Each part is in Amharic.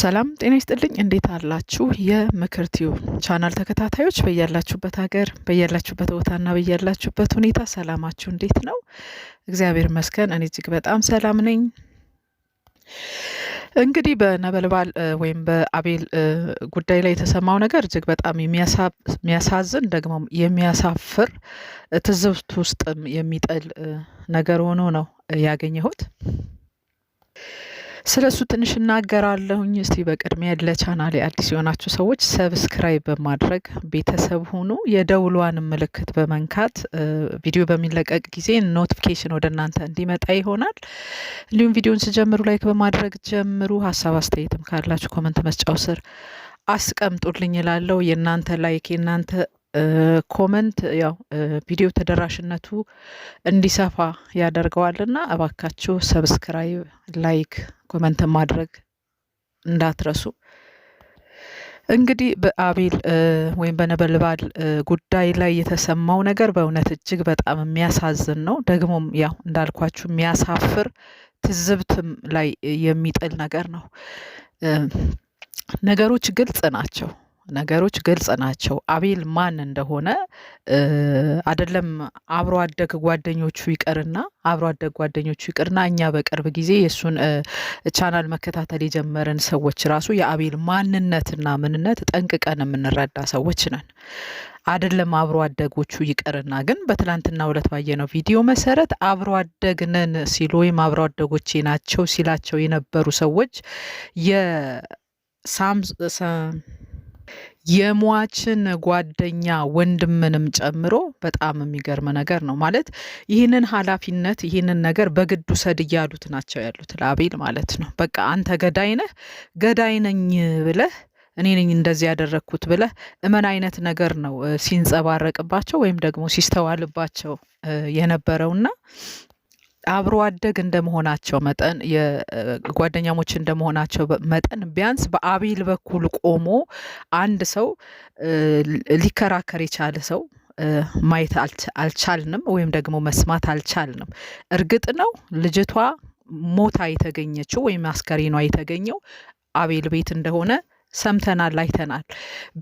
ሰላም ጤና ይስጥልኝ። እንዴት አላችሁ? የምክር ቲዩብ ቻናል ተከታታዮች በያላችሁበት ሀገር በያላችሁበት ቦታና በያላችሁበት ሁኔታ ሰላማችሁ እንዴት ነው? እግዚአብሔር ይመስገን እኔ እጅግ በጣም ሰላም ነኝ። እንግዲህ በነበልባል ወይም በአቤል ጉዳይ ላይ የተሰማው ነገር እጅግ በጣም የሚያሳዝን ደግሞ የሚያሳፍር ትዝብት ውስጥም የሚጥል ነገር ሆኖ ነው ያገኘሁት። ስለ እሱ ትንሽ እናገራለሁኝ። እስቲ በቅድሚያ ለቻናሌ አዲስ የሆናችሁ ሰዎች ሰብስክራይብ በማድረግ ቤተሰብ ሁኑ። የደውሏን ምልክት በመንካት ቪዲዮ በሚለቀቅ ጊዜ ኖቲፊኬሽን ወደ እናንተ እንዲመጣ ይሆናል። እንዲሁም ቪዲዮን ስጀምሩ ላይክ በማድረግ ጀምሩ። ሀሳብ አስተያየትም ካላችሁ ኮመንት መስጫው ስር አስቀምጡልኝ ላለው የእናንተ ላይክ የእናንተ ኮመንት ያው ቪዲዮ ተደራሽነቱ እንዲሰፋ ያደርገዋልና እባካችሁ ሰብስክራይብ፣ ላይክ፣ ኮመንት ማድረግ እንዳትረሱ። እንግዲህ በአቤል ወይም በነበልባል ጉዳይ ላይ የተሰማው ነገር በእውነት እጅግ በጣም የሚያሳዝን ነው። ደግሞም ያው እንዳልኳችሁ የሚያሳፍር ትዝብትም ላይ የሚጥል ነገር ነው። ነገሮች ግልጽ ናቸው። ነገሮች ግልጽ ናቸው። አቤል ማን እንደሆነ አደለም አብሮ አደግ ጓደኞቹ ይቅርና አብሮ አደግ ጓደኞቹ ይቅርና እኛ በቅርብ ጊዜ የእሱን ቻናል መከታተል የጀመረን ሰዎች ራሱ የአቤል ማንነትና ምንነት ጠንቅቀን የምንረዳ ሰዎች ነን። አደለም አብሮ አደጎቹ ይቅርና ግን በትላንትና ሁለት ባየነው ቪዲዮ መሰረት አብሮ አደግነን ሲሉ ወይም አብሮ አደጎቼ ናቸው ሲላቸው የነበሩ ሰዎች የሟችን ጓደኛ ወንድምንም ጨምሮ በጣም የሚገርም ነገር ነው። ማለት ይህንን ኃላፊነት ይህንን ነገር በግድ ውሰድ እያሉት ናቸው ያሉት ለአቤል ማለት ነው። በቃ አንተ ገዳይ ነህ፣ ገዳይ ነኝ ብለህ እኔ ነኝ እንደዚህ ያደረግኩት ብለህ እመን አይነት ነገር ነው ሲንጸባረቅባቸው ወይም ደግሞ ሲስተዋልባቸው የነበረውና አብሮ አደግ እንደመሆናቸው መጠን የጓደኛሞች እንደመሆናቸው መጠን ቢያንስ በአቤል በኩል ቆሞ አንድ ሰው ሊከራከር የቻለ ሰው ማየት አልቻልንም፣ ወይም ደግሞ መስማት አልቻልንም። እርግጥ ነው ልጅቷ ሞታ የተገኘችው ወይም አስከሬኗ የተገኘው አቤል ቤት እንደሆነ ሰምተናል፣ አይተናል።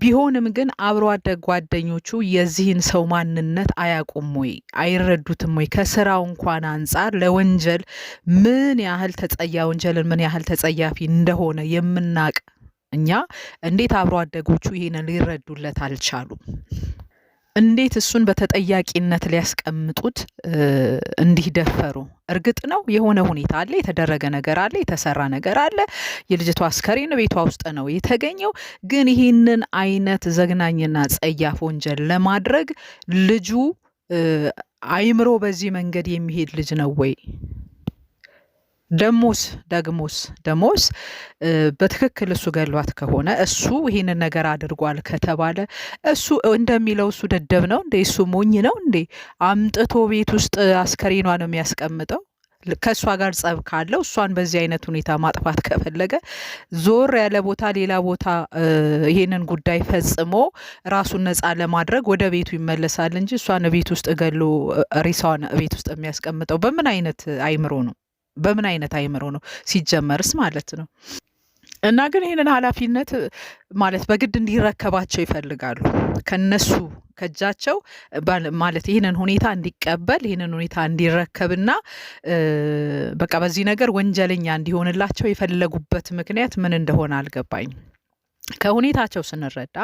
ቢሆንም ግን አብሮ አደግ ጓደኞቹ የዚህን ሰው ማንነት አያውቁም ወይ አይረዱትም ወይ? ከስራው እንኳን አንጻር ለወንጀል ምን ያህል ተጸያ ወንጀልን ምን ያህል ተጸያፊ እንደሆነ የምናቅ እኛ እንዴት አብሮ አደጎቹ ይሄንን ሊረዱለት አልቻሉም? እንዴት እሱን በተጠያቂነት ሊያስቀምጡት እንዲህ ደፈሩ? እርግጥ ነው የሆነ ሁኔታ አለ፣ የተደረገ ነገር አለ፣ የተሰራ ነገር አለ። የልጅቷ አስከሬን ቤቷ ውስጥ ነው የተገኘው። ግን ይህንን አይነት ዘግናኝና ጸያፍ ወንጀል ለማድረግ ልጁ አይምሮ በዚህ መንገድ የሚሄድ ልጅ ነው ወይ? ደሞስ ደግሞስ ደሞስ በትክክል እሱ ገሏት ከሆነ እሱ ይህንን ነገር አድርጓል ከተባለ እሱ እንደሚለው እሱ ደደብ ነው እንዴ? እሱ ሞኝ ነው እንዴ? አምጥቶ ቤት ውስጥ አስከሬኗ ነው የሚያስቀምጠው። ከእሷ ጋር ጸብ ካለው እሷን በዚህ አይነት ሁኔታ ማጥፋት ከፈለገ ዞር ያለ ቦታ ሌላ ቦታ ይሄንን ጉዳይ ፈጽሞ ራሱን ነፃ ለማድረግ ወደ ቤቱ ይመለሳል እንጂ እሷን ቤት ውስጥ ገሎ ሬሳዋን ቤት ውስጥ የሚያስቀምጠው በምን አይነት አይምሮ ነው? በምን አይነት አይምሮ ነው ሲጀመርስ ማለት ነው። እና ግን ይህንን ኃላፊነት ማለት በግድ እንዲረከባቸው ይፈልጋሉ ከነሱ ከእጃቸው ማለት ይህንን ሁኔታ እንዲቀበል ይህንን ሁኔታ እንዲረከብና በቃ በዚህ ነገር ወንጀለኛ እንዲሆንላቸው የፈለጉበት ምክንያት ምን እንደሆነ አልገባኝም። ከሁኔታቸው ስንረዳ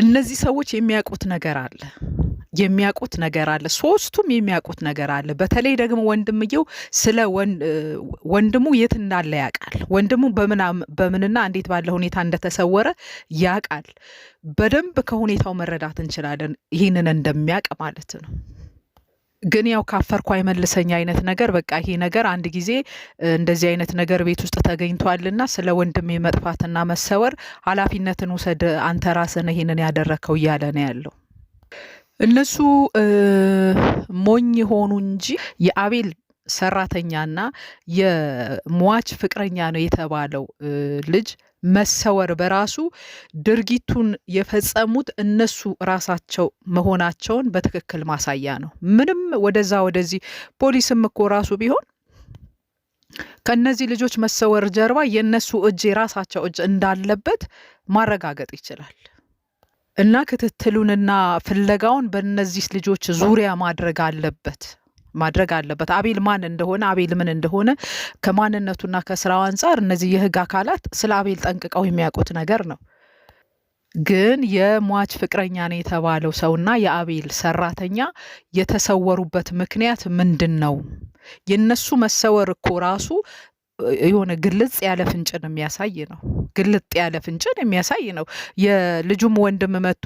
እነዚህ ሰዎች የሚያውቁት ነገር አለ የሚያውቁት ነገር አለ። ሶስቱም የሚያውቁት ነገር አለ። በተለይ ደግሞ ወንድምየው ስለ ወንድሙ የት እንዳለ ያውቃል። ወንድሙ በምንና እንዴት ባለ ሁኔታ እንደተሰወረ ያውቃል። በደንብ ከሁኔታው መረዳት እንችላለን፣ ይህንን እንደሚያውቅ ማለት ነው። ግን ያው ካፈርኩ አይመልሰኝ አይነት ነገር በቃ ይሄ ነገር አንድ ጊዜ እንደዚህ አይነት ነገር ቤት ውስጥ ተገኝቷልና ስለ ወንድሜ መጥፋትና መሰወር ኃላፊነትን ውሰድ አንተ ራስን ይሄንን ያደረከው እያለ ነው ያለው። እነሱ ሞኝ ሆኑ እንጂ የአቤል ሰራተኛና የሟች ፍቅረኛ ነው የተባለው ልጅ መሰወር በራሱ ድርጊቱን የፈጸሙት እነሱ ራሳቸው መሆናቸውን በትክክል ማሳያ ነው። ምንም ወደዛ ወደዚህ ፖሊስም እኮ ራሱ ቢሆን ከእነዚህ ልጆች መሰወር ጀርባ የእነሱ እጅ የራሳቸው እጅ እንዳለበት ማረጋገጥ ይችላል። እና ክትትሉንና ፍለጋውን በእነዚህ ልጆች ዙሪያ ማድረግ አለበት። ማድረግ አለበት። አቤል ማን እንደሆነ አቤል ምን እንደሆነ ከማንነቱና ከስራው አንጻር እነዚህ የህግ አካላት ስለ አቤል ጠንቅቀው የሚያውቁት ነገር ነው። ግን የሟች ፍቅረኛ ነው የተባለው ሰውና የአቤል ሰራተኛ የተሰወሩበት ምክንያት ምንድን ነው? የነሱ መሰወር እኮ ራሱ የሆነ ግልጽ ያለ ፍንጭን የሚያሳይ ነው። ግልጥ ያለ ፍንጭን የሚያሳይ ነው። የልጁም ወንድም መጥቶ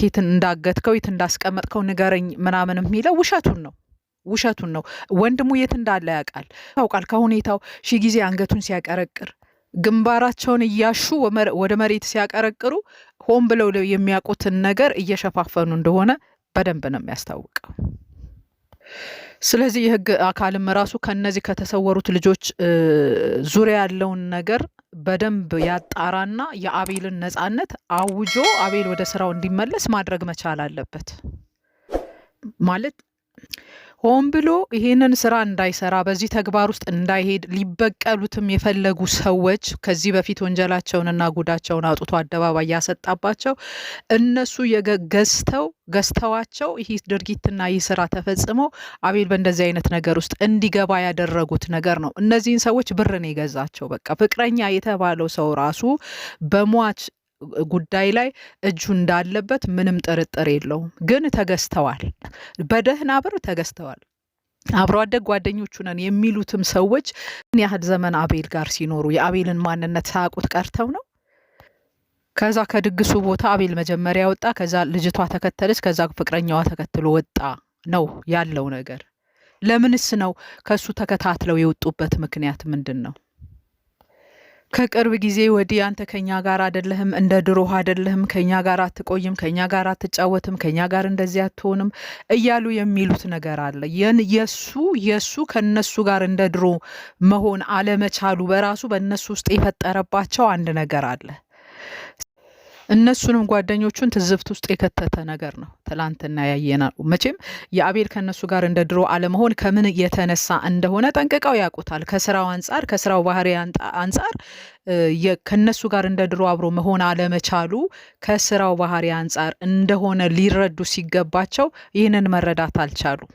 ኬትን እንዳገትከው የት እንዳስቀመጥከው ንገረኝ ምናምን የሚለው ውሸቱን ነው። ውሸቱን ነው። ወንድሙ የት እንዳለ ያውቃል ታውቃል። ከሁኔታው ሺ ጊዜ አንገቱን ሲያቀረቅር ግንባራቸውን እያሹ ወደ መሬት ሲያቀረቅሩ ሆን ብለው የሚያውቁትን ነገር እየሸፋፈኑ እንደሆነ በደንብ ነው የሚያስታውቀው። ስለዚህ የህግ አካልም ራሱ ከነዚህ ከተሰወሩት ልጆች ዙሪያ ያለውን ነገር በደንብ ያጣራና የአቤልን ነጻነት አውጆ አቤል ወደ ስራው እንዲመለስ ማድረግ መቻል አለበት ማለት ሆን ብሎ ይሄንን ስራ እንዳይሰራ በዚህ ተግባር ውስጥ እንዳይሄድ ሊበቀሉትም የፈለጉ ሰዎች ከዚህ በፊት ወንጀላቸውንና ጉዳቸውን አውጥቶ አደባባይ ያሰጣባቸው እነሱ ገዝተው ገዝተዋቸው ይህ ድርጊትና ይህ ስራ ተፈጽመው አቤል በእንደዚህ አይነት ነገር ውስጥ እንዲገባ ያደረጉት ነገር ነው። እነዚህን ሰዎች ብርን የገዛቸው በቃ ፍቅረኛ የተባለው ሰው ራሱ በሟች ጉዳይ ላይ እጁ እንዳለበት ምንም ጥርጥር የለውም፣ ግን ተገዝተዋል። በደህና ብር ተገዝተዋል። አብሮ አደግ ጓደኞቹ ነን የሚሉትም ሰዎች ምን ያህል ዘመን አቤል ጋር ሲኖሩ የአቤልን ማንነት ሳያውቁት ቀርተው ነው። ከዛ ከድግሱ ቦታ አቤል መጀመሪያ ወጣ። ከዛ ልጅቷ ተከተለች። ከዛ ፍቅረኛዋ ተከትሎ ወጣ ነው ያለው ነገር። ለምንስ ነው ከሱ ተከታትለው የወጡበት ምክንያት ምንድን ነው? ከቅርብ ጊዜ ወዲህ አንተ ከኛ ጋር አይደለህም፣ እንደ ድሮህ አይደለህም፣ ከኛ ጋር አትቆይም፣ ከኛ ጋር አትጫወትም፣ ከኛ ጋር እንደዚህ አትሆንም እያሉ የሚሉት ነገር አለ። የሱ የሱ ከነሱ ጋር እንደ ድሮ መሆን አለመቻሉ በራሱ በእነሱ ውስጥ የፈጠረባቸው አንድ ነገር አለ። እነሱንም ጓደኞቹን ትዝብት ውስጥ የከተተ ነገር ነው። ትላንትና ያየና መቼም የአቤል ከእነሱ ጋር እንደ ድሮ አለመሆን ከምን የተነሳ እንደሆነ ጠንቅቀው ያውቁታል። ከስራው አንጻር ከስራው ባህሪ አንጻር ከነሱ ጋር እንደ ድሮ አብሮ መሆን አለመቻሉ ከስራው ባህሪ አንጻር እንደሆነ ሊረዱ ሲገባቸው ይህንን መረዳት አልቻሉም።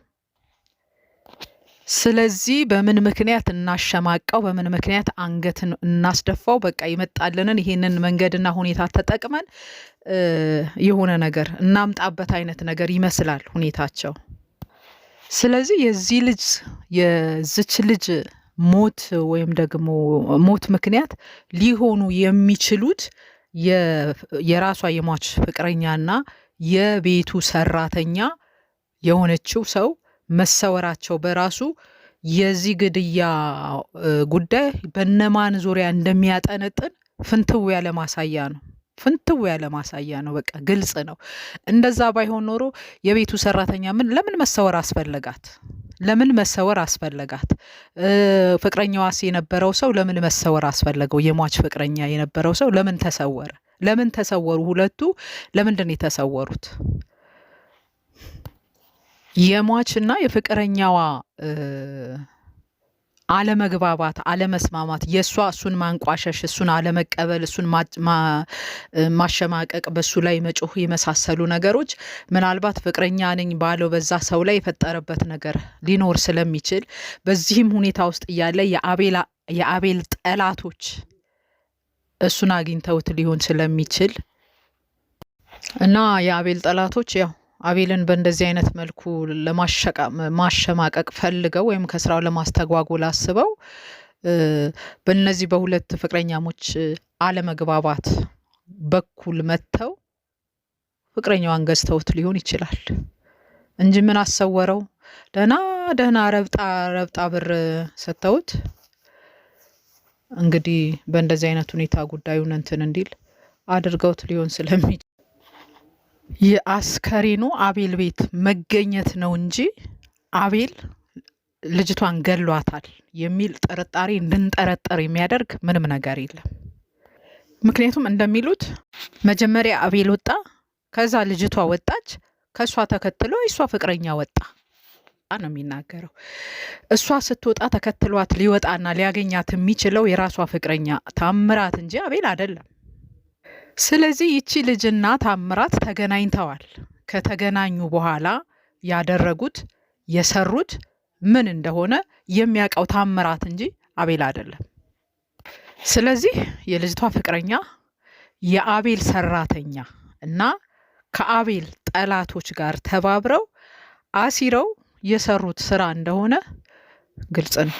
ስለዚህ በምን ምክንያት እናሸማቀው? በምን ምክንያት አንገትን እናስደፋው? በቃ ይመጣልንን ይህንን መንገድና ሁኔታ ተጠቅመን የሆነ ነገር እናምጣበት አይነት ነገር ይመስላል ሁኔታቸው። ስለዚህ የዚህ ልጅ የዝች ልጅ ሞት ወይም ደግሞ ሞት ምክንያት ሊሆኑ የሚችሉት የራሷ የሟች ፍቅረኛና የቤቱ ሰራተኛ የሆነችው ሰው መሰወራቸው በራሱ የዚህ ግድያ ጉዳይ በነማን ዙሪያ እንደሚያጠነጥን ፍንትው ያለ ማሳያ ነው። ፍንትው ያለ ማሳያ ነው። በቃ ግልጽ ነው። እንደዛ ባይሆን ኖሮ የቤቱ ሰራተኛ ምን ለምን መሰወር አስፈለጋት? ለምን መሰወር አስፈለጋት? ፍቅረኛዋስ የነበረው ሰው ለምን መሰወር አስፈለገው? የሟች ፍቅረኛ የነበረው ሰው ለምን ተሰወረ? ለምን ተሰወሩ? ሁለቱ ለምንድን የተሰወሩት? የሟችና የፍቅረኛዋ አለመግባባት፣ አለመስማማት፣ የእሷ እሱን ማንቋሸሽ፣ እሱን አለመቀበል፣ እሱን ማሸማቀቅ፣ በሱ ላይ መጮህ የመሳሰሉ ነገሮች ምናልባት ፍቅረኛ ነኝ ባለው በዛ ሰው ላይ የፈጠረበት ነገር ሊኖር ስለሚችል በዚህም ሁኔታ ውስጥ እያለ የአቤል ጠላቶች እሱን አግኝተውት ሊሆን ስለሚችል እና የአቤል ጠላቶች ያው አቤልን በእንደዚህ አይነት መልኩ ማሸማቀቅ ፈልገው ወይም ከስራው ለማስተጓጎል አስበው በእነዚህ በሁለት ፍቅረኛሞች አለመግባባት በኩል መጥተው ፍቅረኛዋን ገዝተውት ሊሆን ይችላል እንጂ ምን አሰወረው? ደህና ደህና ረብጣ ረብጣ ብር ሰጥተውት እንግዲህ በእንደዚህ አይነት ሁኔታ ጉዳዩን እንትን እንዲል አድርገውት ሊሆን ስለሚ የአስከሬኑ አቤል ቤት መገኘት ነው እንጂ አቤል ልጅቷን ገሏታል የሚል ጥርጣሬ እንድንጠረጠር የሚያደርግ ምንም ነገር የለም። ምክንያቱም እንደሚሉት መጀመሪያ አቤል ወጣ፣ ከዛ ልጅቷ ወጣች፣ ከእሷ ተከትሎ የእሷ ፍቅረኛ ወጣ ነው የሚናገረው። እሷ ስትወጣ ተከትሏት ሊወጣና ሊያገኛት የሚችለው የራሷ ፍቅረኛ ታምራት እንጂ አቤል አይደለም። ስለዚህ ይቺ ልጅና ታምራት ተገናኝተዋል። ከተገናኙ በኋላ ያደረጉት የሰሩት ምን እንደሆነ የሚያውቀው ታምራት እንጂ አቤል አይደለም። ስለዚህ የልጅቷ ፍቅረኛ የአቤል ሰራተኛ እና ከአቤል ጠላቶች ጋር ተባብረው አሲረው የሰሩት ስራ እንደሆነ ግልጽ ነው።